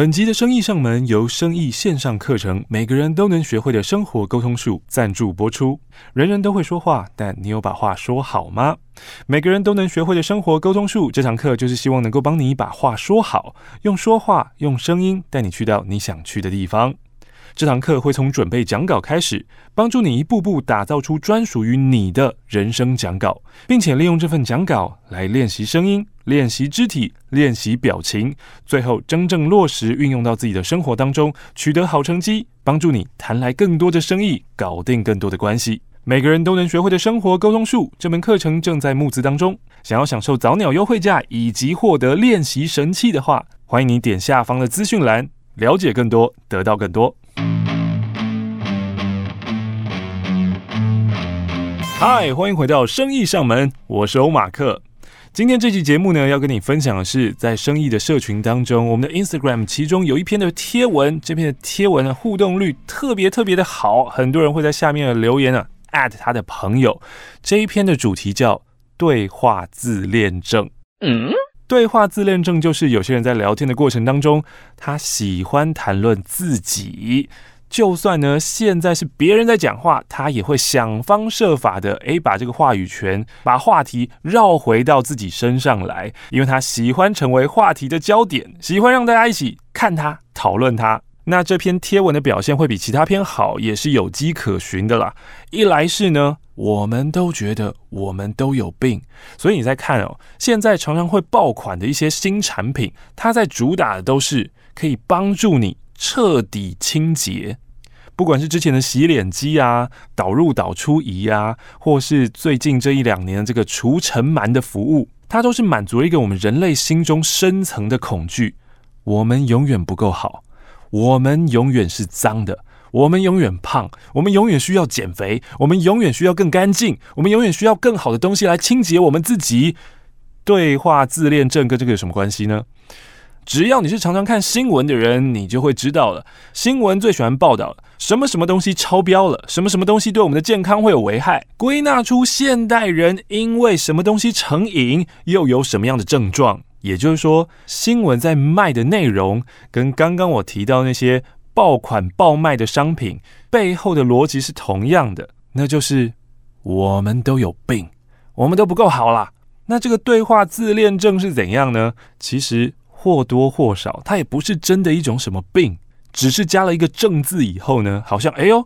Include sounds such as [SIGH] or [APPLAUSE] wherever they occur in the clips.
本集的生意上門由聲藝線上課程，每個人都能學會的生活溝通術贊助播出。人人都會說話，但你有把話說好嗎？每個人都能學會的生活溝通術，這堂課就是希望能夠幫你把話說好，用說話、用聲音帶你去到你想去的地方。這堂課會從準備講稿開始，幫助你一步步打造出專屬於你的人生講稿，並且利用這份講稿來練習聲音、練習肢體、練習表情，最後真正落實運用到自己的生活當中，取得好成績，幫助你談來更多的生意，搞定更多的關係。每個人都能學會的生活溝通術，這門課程正在募資當中，想要享受早鳥優惠價以及獲得練習神器的話，歡迎你點下方的資訊欄，了解更多，得到更多。嗨，歡迎回到生意上門，我是歐馬克。今天這期節目呢，要跟你分享的是，在聲藝的社群當中，我們的 Instagram 其中有一篇的貼文，這篇的貼文的互動率特別特別的好，很多人會在下面留言啊，艾特他的朋友。這一篇的主題叫對話自戀症。嗯，對話自戀症就是有些人在聊天的過程當中，他喜歡談論自己。就算呢，現在是別人在講話，他也會想方設法的，哎，把這個話語權，把話題繞回到自己身上來，因為他喜歡成為話題的焦點，喜歡讓大家一起看他討論他。那這篇貼文的表現會比其他篇好，也是有跡可循的啦。一來是呢，我們都覺得我們都有病，所以你再看哦，現在常常會爆款的一些新產品，它在主打的都是可以幫助你。徹底清潔，不管是之前的洗臉機啊、導入導出儀啊，或是最近這一兩年的這個除塵蟎的服務，它都是滿足了一個我們人類心中深層的恐懼：我們永遠不夠好，我們永遠是髒的，我們永遠胖，我們永遠需要減肥，我們永遠需要更乾淨，我們永遠需要更好的東西來清潔我們自己。對話自戀症跟這個有什麼關係呢？只要你是常常看新聞的人，你就會知道了。新聞最喜歡報道什麼什麼東西超標了，什麼什麼東西對我們的健康會有危害。歸納出現代人因為什麼東西成癮，又有什麼樣的症狀。也就是說，新聞在賣的內容跟剛剛我提到那些爆款爆賣的商品背後的邏輯是同樣的，那就是我們都有病，我們都不夠好啦。那這個對話自戀症是怎樣呢？其實。或多或少，它也不是真的一種什麼病，只是加了一個“症”字以後呢，好像哎呦，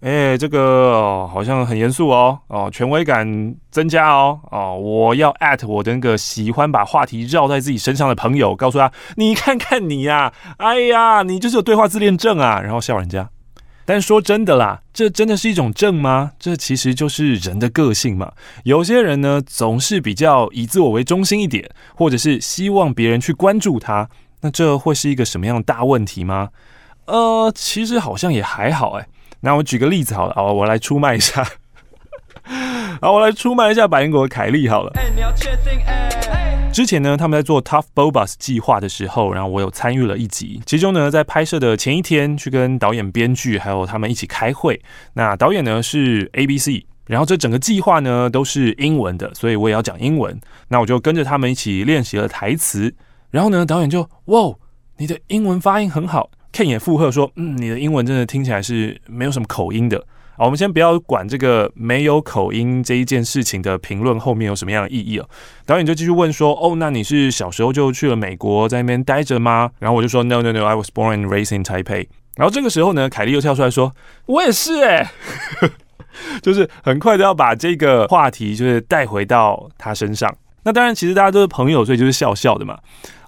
哎，這個、哦、好像很嚴肅哦，哦，權威感增加哦，哦，我要 at 我的那個喜歡把話題繞在自己身上的朋友，告訴他，你看看你呀、啊，哎呀，你就是有對話自戀症啊，然後笑人家。但說真的啦，這真的是一種症嗎？這其實就是人的個性嘛。有些人呢，總是比較以自我為中心一點，或者是希望別人去關注他。那這會是一個什麼樣的大問題嗎？呃，其實好像也還好哎、欸。那我舉個例子好了，好，我來出賣一下， [LAUGHS] 好，我來出賣一下百靈果凱莉好了。欸，你要之前呢，他們在做 Tough Bobus 計劃的時候，然後我有參與了一集。其中呢，在拍攝的前一天去跟導演、編劇還有他們一起開會。那導演呢是 ABC，然後這整個計劃呢都是英文的，所以我也要講英文。那我就跟着他們一起練習了台詞。然後呢，導演就：哇哦，你的英文發音很好。Ken 也附和說：嗯，你的英文真的聽起來是沒有什麼口音的。好，我們先不要管這個沒有口音這一件事情的評論後面有什麼樣的意義啊？導演就繼續問說：“哦，那你是小時候就去了美國，在那邊待着嗎？”然後我就說：“No, No, No, I was born and raised in Taipei。”然後這個時候呢，凱莉又跳出來說：“我也是哎、欸， [LAUGHS] 就是很快都要把這個話題就是帶回到他身上。”那當然，其實大家都是朋友，所以就是笑笑的嘛。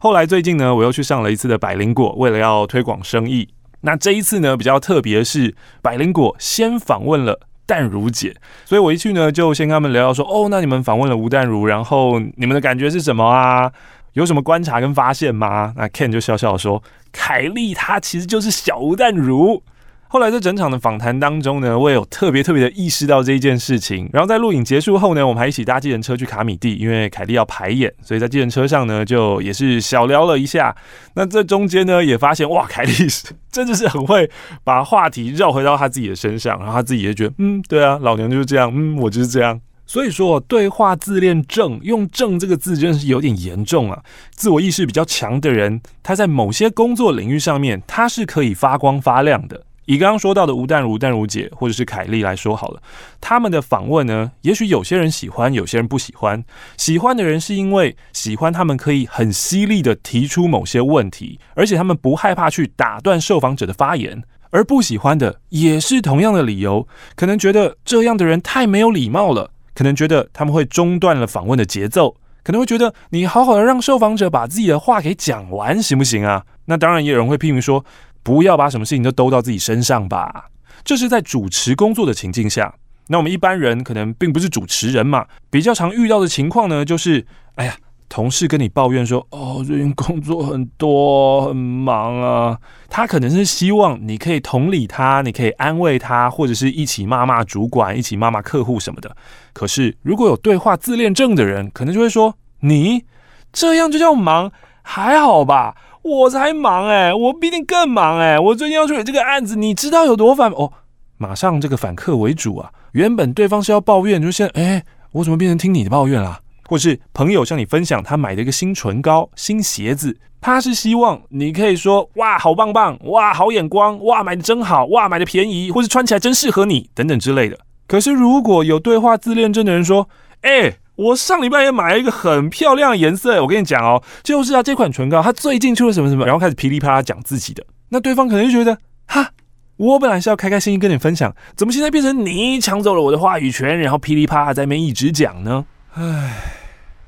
後來最近呢，我又去上了一次的百靈果，為了要推廣生意。那這一次呢，比較特別是百靈果先訪問了淡如姐，所以我一去呢就先跟他們聊聊說，哦，那你們訪問了吳淡如，然後你們的感覺是什麼啊？有什麼觀察跟發現嗎？那 Ken 就笑笑說，凱莉她其實就是小吳淡如。後來在整場的訪談當中呢，我也有特別特別的意識到這一件事情。然後在錄影結束後呢，我們還一起搭計程車去卡米地，因為凱莉要排演，所以在計程車上呢，就也是小聊了一下。那這中間呢，也發現哇，凱莉是真的是很會把話題繞回到他自己的身上，然後他自己也覺得嗯，對啊，老娘就是這樣，嗯，我就是這樣。所以說，對話自戀症用“症”這個字真的是有點嚴重啊，自我意識比較強的人，他在某些工作領域上面，他是可以發光發亮的。以剛剛說到的吳淡如、淡如姐，或者是凱莉來說好了，他們的訪問呢，也許有些人喜歡，有些人不喜歡。喜歡的人是因為喜歡他們可以很犀利的提出某些問題，而且他們不害怕去打斷受訪者的發言；而不喜歡的也是同樣的理由，可能覺得這樣的人太沒有禮貌了，可能覺得他們會中斷了訪問的節奏，可能會覺得你好好的讓受訪者把自己的話給講完，行不行啊？那當然，也有人會批評說。不要把什麼事情都兜到自己身上吧。這是在主持工作的情境下，那我們一般人可能並不是主持人嘛。比較常遇到的情況呢，就是，哎呀，同事跟你抱怨說，哦，最近工作很多很忙啊，他可能是希望你可以同理他，你可以安慰他，或者是一起罵罵主管，一起罵罵客戶什麼的。可是如果有對話自戀症的人，可能就會說，你這樣就叫忙，還好吧？我才忙哎、欸，我比你更忙哎、欸！我最近要處理這個案子，你知道有多煩哦。馬上這個反客為主啊，原本對方是要抱怨，就像哎、欸，我怎麼變成聽你的抱怨啦？或是朋友向你分享他買的一個新唇膏、新鞋子，他是希望你可以說哇好棒棒，哇好眼光，哇買的真好，哇買的便宜，或是穿起來真適合你等等之類的。可是如果有對話自戀症的人說，哎、欸。我上禮拜也買了一個很漂亮的顏色，我跟你講哦，就是啊，這款唇膏它最近出了什麼什麼，然後開始噼里啪啦講自己的。那對方可能就覺得，哈，我本來是要開開心心跟你分享，怎麼現在變成你搶走了我的話語權，然後噼里啪啦在那邊一直講呢？唉，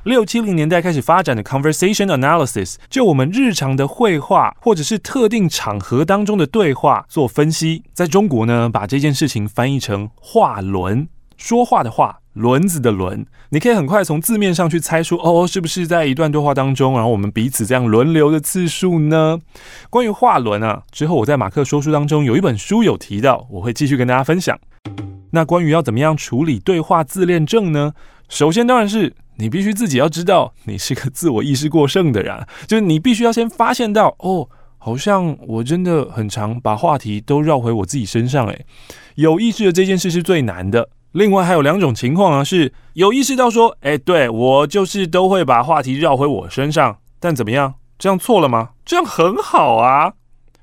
六七零年代開始發展的 conversation analysis，就我們日常的會話或者是特定場合當中的對話做分析，在中國呢，把這件事情翻譯成話輪，說話的話。輪子的輪，你可以很快從字面上去猜出哦，是不是在一段對話當中，然後我們彼此這樣輪流的次數呢？關於話輪啊，之後我在馬克說書當中有一本書有提到，我會繼續跟大家分享。那關於要怎麼樣處理對話自戀症呢？首先當然是你必須自己要知道你是個自我意識過剩的人啊，就是你必須要先發現到哦，好像我真的很常把話題都繞回我自己身上欸，誒，有意識的這件事是最難的。另外還有兩種情況啊，是有意識到說，誒，對我就是都會把話題繞回我身上，但怎麼樣？這樣錯了嗎？這樣很好啊。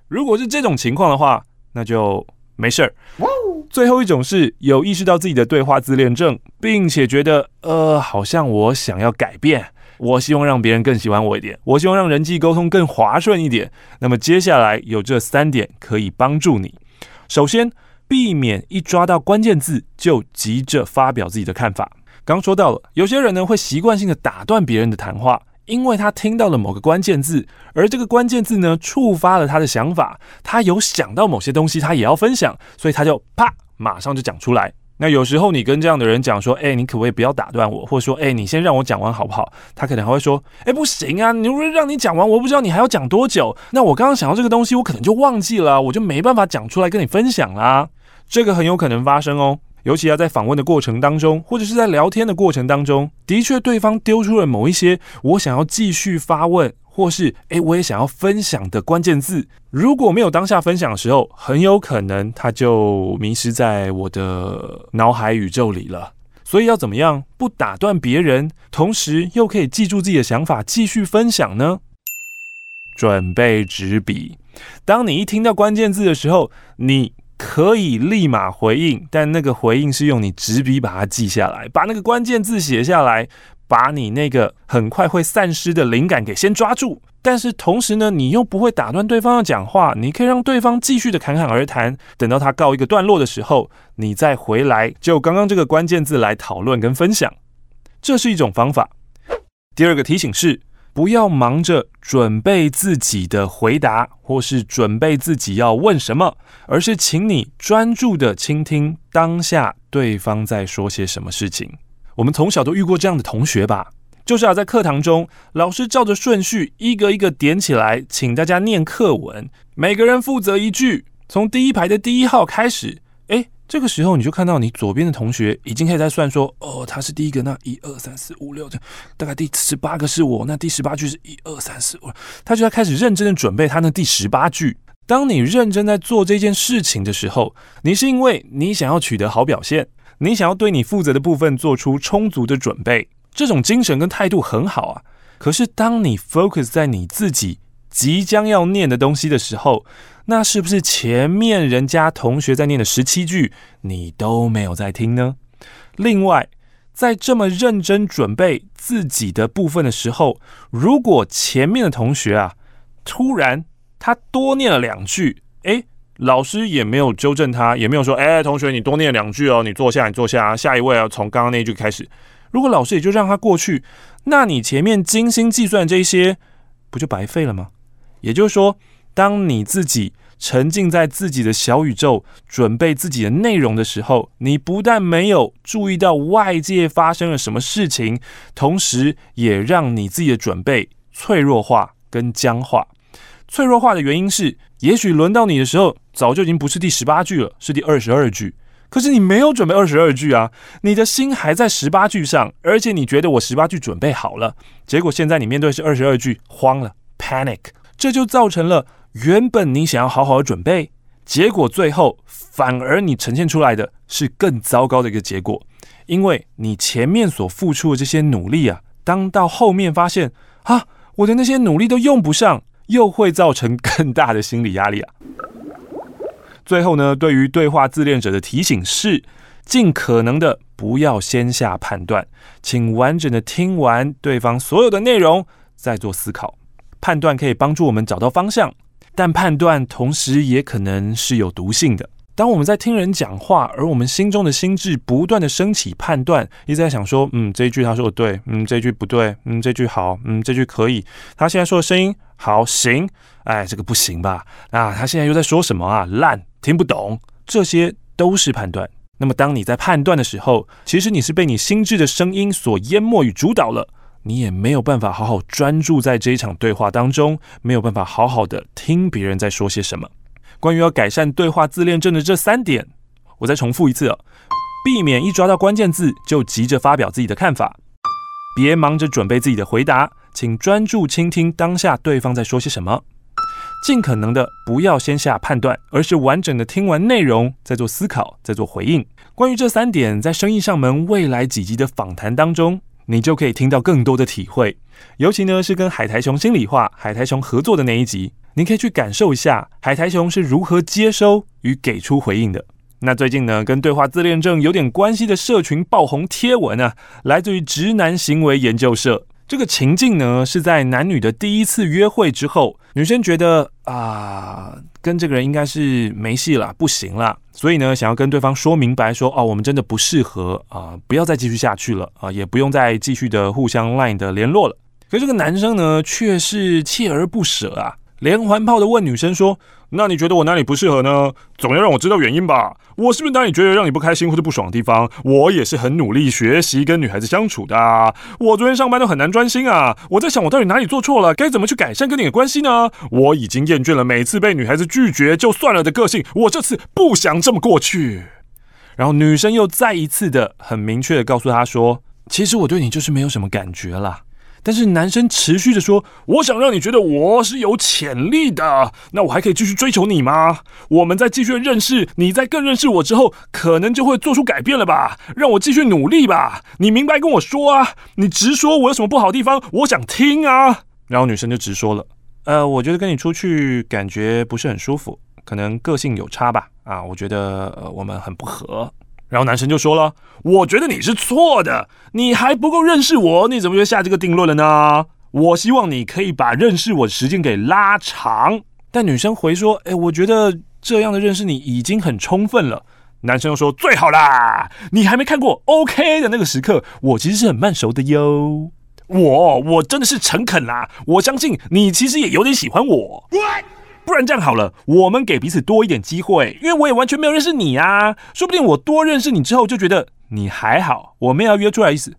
如果是這種情況的話，那就沒事兒。哦。最後一種是有意識到自己的對話自戀症，並且覺得，呃，好像我想要改變，我希望讓別人更喜歡我一點，我希望讓人際溝通更滑順一點。那麼接下來有這三點可以幫助你。首先。避免一抓到關鍵字就急着發表自己的看法。剛剛說到了，有些人呢會習慣性的打斷別人的談話，因為他聽到了某個關鍵字，而這個關鍵字呢觸發了他的想法，他有想到某些東西，他也要分享，所以他就啪，馬上就講出來。那有時候你跟這樣的人講說，欸，你可不可以不要打斷我，或者說，欸，你先讓我講完好不好？他可能還會說，欸，不行啊，你不讓你講完，我不知道你還要講多久，那我剛剛想到這個東西，我可能就忘記了，我就沒辦法講出來跟你分享啦。這個很有可能發生哦，尤其要在訪問的過程當中，或者是在聊天的過程當中，的確對方丟出了某一些我想要繼續發問，或是誒我也想要分享的關鍵字。如果沒有當下分享的時候，很有可能他就迷失在我的腦海宇宙裡了。所以要怎麼樣不打斷別人，同時又可以記住自己的想法繼續分享呢？準備紙筆，當你一聽到關鍵字的時候，你，可以立馬回應，但那個回應是用你紙筆把它記下來，把那個關鍵字寫下來，把你那個很快會散失的靈感給先抓住。但是同時呢，你又不會打斷對方的講話，你可以讓對方繼續的侃侃而談，等到他告一個段落的時候，你再回來就剛剛這個關鍵字來討論跟分享，這是一種方法。第二個提醒是，不要忙着準備自己的回答，或是準備自己要問什麼，而是請你專注的傾聽當下對方在說些什麼事情。我們從小都遇過這樣的同學吧？就是啊，在課堂中，老師照着順序一個一個點起來，請大家念課文，每個人負責一句，從第一排的第一號開始。這個時候，你就看到你左邊的同學已經可以在算說，哦，他是第一個，那一二三四五六，大概第十八個是我，那第十八句是一二三四五，他就在開始認真的準備他那第十八句。當你認真在做這件事情的時候，你是因為你想要取得好表現，你想要對你負責的部分做出充足的準備，這種精神跟態度很好啊。可是當你 focus 在你自己即將要念的東西的時候，那是不是前面人家同學在念的十七句，你都沒有在聽呢？另外，在這麼認真準備自己的部分的時候，如果前面的同學啊，突然他多念了兩句，誒、欸，老師也沒有糾正他，也沒有說，誒、欸，同學，你多念兩句哦，你坐下，你坐下，下一位啊，從剛剛那句開始。如果老師也就讓他過去，那你前面精心計算這些，不就白費了嗎？也就是說，當你自己沉浸在自己的小宇宙，準備自己的內容的時候，你不但沒有注意到外界發生了什麼事情，同時也讓你自己的準備脆弱化跟僵化。脆弱化的原因是，也許輪到你的時候，早就已經不是第十八句了，是第二十二句。可是你沒有準備二十二句啊，你的心還在十八句上，而且你覺得我十八句準備好了，結果現在你面對是二十二句，慌了，panic，這就造成了。原本你想要好好的準備，結果最後反而你呈現出來的是更糟糕的一個結果，因為你前面所付出的這些努力啊，當到後面發現啊，我的那些努力都用不上，又會造成更大的心理壓力啊。最後呢，對於對話自戀者的提醒是，儘可能的不要先下判斷，請完整的聽完對方所有的內容再做思考。判斷可以幫助我們找到方向。但判斷同時也可能是有毒性的。當我們在聽人講話，而我們心中的心智不斷的升起判斷，一直在想說，嗯，這一句他說的對，嗯，這句不對，嗯，這句好，嗯，這句可以。他現在說的聲音，好，行，哎，這個不行吧？啊，他現在又在說什麼啊？爛，聽不懂。這些都是判斷。那麼，當你在判斷的時候，其實你是被你心智的聲音所淹沒與主導了。你也沒有辦法好好專注在這一場對話當中，沒有辦法好好的聽別人在說些什麼。關於要改善對話自戀症的這三點，我再重複一次：避免一抓到關鍵字就急着發表自己的看法，別忙着準備自己的回答，請專注傾聽當下對方在說些什麼，盡可能的不要先下判斷，而是完整的聽完內容，再做思考，再做回應。關於這三點，在《生意上門》未來幾集的訪談當中。你就可以聽到更多的體會，尤其呢，是跟海苔熊心裡話海苔熊合作的那一集，你可以去感受一下海苔熊是如何接收與給出回應的。那最近呢，跟對話自戀症有點關係的社群爆紅貼文呢，啊，來自於直男行為研究社。這個情境呢，是在男女的第一次約會之後，女生覺得啊、呃，跟這個人應該是沒戲了，不行了，所以呢，想要跟對方說明白說，說哦，我們真的不適合啊、呃，不要再繼續下去了啊、呃，也不用再繼續的互相 line 的聯絡了。可這個男生呢，卻是鍥而不捨啊，連環炮的問女生說。那你覺得我哪裡不適合呢？總要讓我知道原因吧。我是不是哪裡覺得讓你不開心或者不爽的地方？我也是很努力學習跟女孩子相處的啊。我昨天上班都很難專心啊。我在想我到底哪裡做錯了？該怎麼去改善跟你的關係呢？我已經厭倦了每次被女孩子拒絕就算了的個性，我這次不想這麼過去。然後女生又再一次的很明確的告訴他說：“其實我對你就是沒有什麼感覺了。”但是男生持續着說：“我想讓你覺得我是有潛力的，那我還可以繼續追求你嗎？我們再繼續認識，你在更認識我之後，可能就會做出改變了吧？讓我繼續努力吧。你明白跟我說啊，你直說，我有什麼不好的地方，我想聽啊。”然後女生就直說了：“呃，我覺得跟你出去感覺不是很舒服，可能個性有差吧。啊，我覺得、呃、我們很不合。”然後男生就說了：“我覺得你是錯的，你還不夠認識我，你怎麼就下這個定論了呢？我希望你可以把認識我的時間給拉長。”但女生回說：“哎，我覺得這樣的認識你已經很充分了。”男生又說：“最好啦，你還沒看過 OK 的那個時刻，我其實是很慢熟的喲。我我真的是誠懇啦、啊，我相信你其實也有點喜歡我。”不然這樣好了，我們給彼此多一點機會，因為我也完全沒有認識你啊，說不定我多認識你之後，就覺得你還好，我們要約出來一次，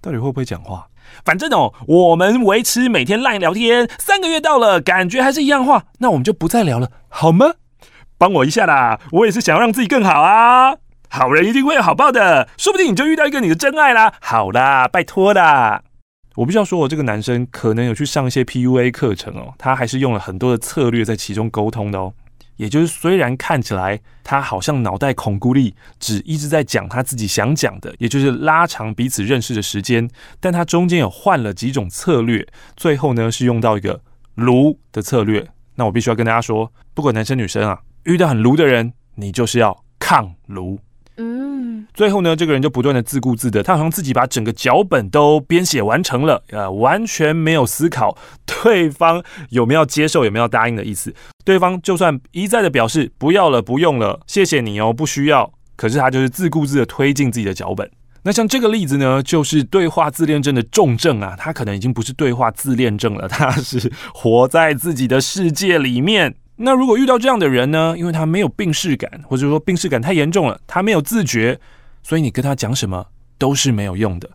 到底會不會講話？反正哦，我們維持每天 LINE 聊天，三個月到了，感覺還是一樣的話，那我們就不再聊了，好嗎？幫我一下啦，我也是想要讓自己更好啊，好人一定會有好報的，說不定你就遇到一個你的真愛啦。好啦，拜託啦。我必須要說，我這個男生可能有去上一些 PUA 課程哦，他還是用了很多的策略在其中溝通的哦。也就是雖然看起來他好像腦袋孔孤立，只一直在講他自己想講的，也就是拉長彼此認識的時間，但他中間有換了幾種策略，最後呢是用到一個“盧”的策略。那我必須要跟大家說，不管男生女生啊，遇到很盧的人，你就是要抗盧。最後呢，這個人就不斷的自顧自的，他好像自己把整個腳本都編寫完成了，呃，完全沒有思考對方有沒有接受、有沒有答應的意思。對方就算一再的表示不要了、不用了、謝謝你哦、不需要，可是他就是自顧自的推進自己的腳本。那像這個例子呢，就是對話自戀症的重症啊，他可能已經不是對話自戀症了，他是活在自己的世界裡面。那如果遇到這樣的人呢，因為他沒有病識感，或者說病識感太嚴重了，他沒有自覺。所以你跟他講什麼都是沒有用的。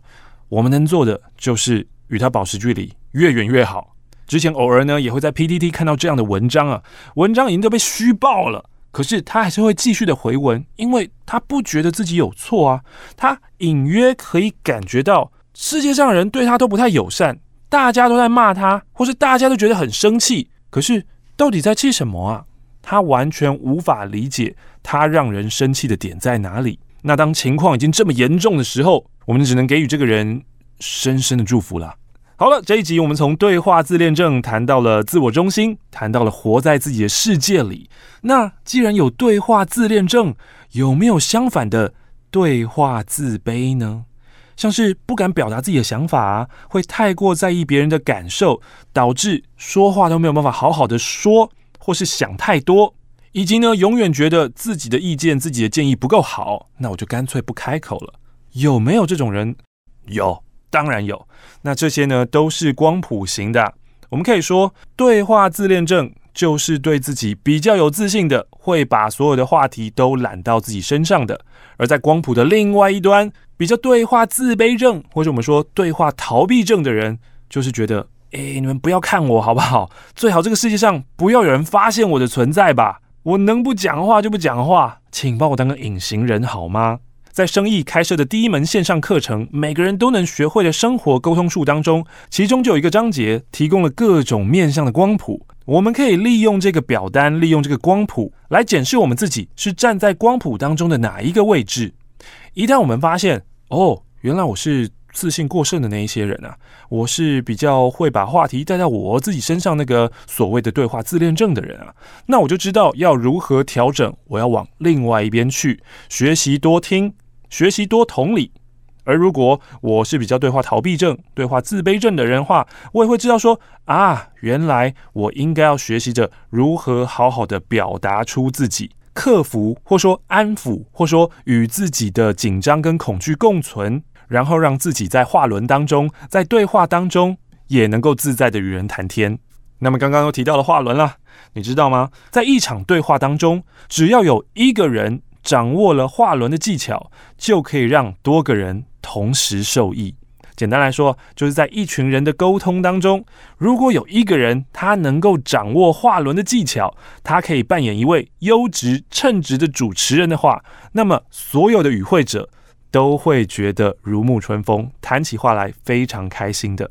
我們能做的就是與他保持距離，越遠越好。之前偶爾呢也會在 PTT 看到這樣的文章啊，文章已經都被噓爆了，可是他還是會繼續的回文，因為他不覺得自己有錯啊。他隱約可以感覺到世界上的人對他都不太友善，大家都在罵他，或是大家都覺得很生氣。可是到底在氣什麼啊？他完全無法理解他讓人生氣的點在哪裡。那當情況已經這麼嚴重的時候，我們只能給予這個人深深的祝福了。好了，這一集我們從對話自戀症談到了自我中心，談到了活在自己的世界裡。那既然有對話自戀症，有沒有相反的對話自卑呢？像是不敢表達自己的想法，會太過在意別人的感受，導致說話都沒有辦法好好的說，或是想太多。以及呢，永遠覺得自己的意見、自己的建議不夠好，那我就乾脆不開口了。有沒有這種人？有，當然有。那這些呢，都是光譜型的。我們可以說，對話自戀症就是對自己比較有自信的，會把所有的話題都攬到自己身上的。而在光譜的另外一端，比較對話自卑症，或者我們說對話逃避症的人，就是覺得，哎，你們不要看我好不好？最好這個世界上不要有人發現我的存在吧。我能不講話就不講話，請把我當個隱形人好嗎？在聲藝開設的第一門線上課程，每個人都能學會的生活溝通術當中，其中就有一個章節提供了各種面向的光譜，我們可以利用這個表單，利用這個光譜來檢視我們自己是站在光譜當中的哪一個位置。一旦我們發現，哦，原來我是。自信過剩的那一些人啊，我是比較會把話題帶在我自己身上，那個所謂的對話自戀症的人啊，那我就知道要如何調整，我要往另外一邊去學習多聽，學習多同理。而如果我是比較對話逃避症、對話自卑症的人的話，我也會知道說啊，原來我應該要學習着如何好好的表達出自己，克服或說安撫或說與自己的緊張跟恐懼共存。然後讓自己在話輪當中，在對話當中也能夠自在的與人談天。那麼剛剛又提到了話輪了，你知道嗎？在一場對話當中，只要有一個人掌握了話輪的技巧，就可以讓多個人同時受益。簡單來說，就是在一群人的溝通當中，如果有一個人他能夠掌握話輪的技巧，他可以扮演一位優質稱職的主持人的話，那麼所有的與會者，都會覺得如沐春風，談起話來非常開心的。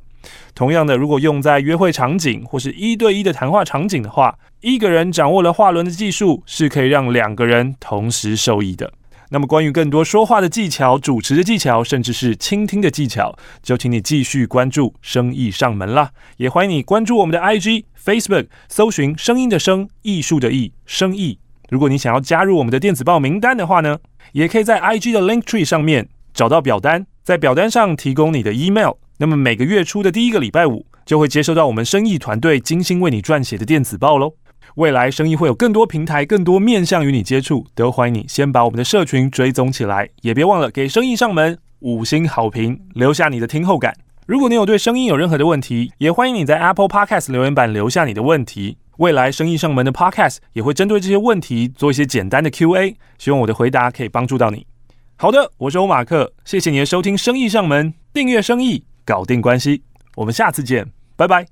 同樣的，如果用在約會場景或是一對一的談話場景的話，一個人掌握了話輪的技術，是可以讓兩個人同時受益的。那麼，關於更多說話的技巧、主持的技巧，甚至是傾聽的技巧，就請你繼續關注“聲藝上門”啦。也歡迎你關注我們的 IG、Facebook，搜尋“聲音的聲，藝術的藝，聲藝”。如果你想要加入我們的電子報名單的話呢，也可以在 IG 的 Linktree 上面找到表單，在表單上提供你的 email。那麼每個月初的第一個禮拜五，就會接收到我們聲藝團隊精心為你撰寫的電子報嘍。未來聲藝會有更多平台、更多面向與你接觸，都歡迎你先把我們的社群追蹤起來，也別忘了給聲藝上門五星好評，留下你的聽後感。如果你有對聲藝有任何的問題，也歡迎你在 Apple Podcast 留言板留下你的問題。未來生意上門的 Podcast 也會針對這些問題做一些簡單的 QA，希望我的回答可以幫助到你。好的，我是歐馬克，謝謝你的收聽。生意上門，訂閱生意，搞定關係。我們下次見，拜拜。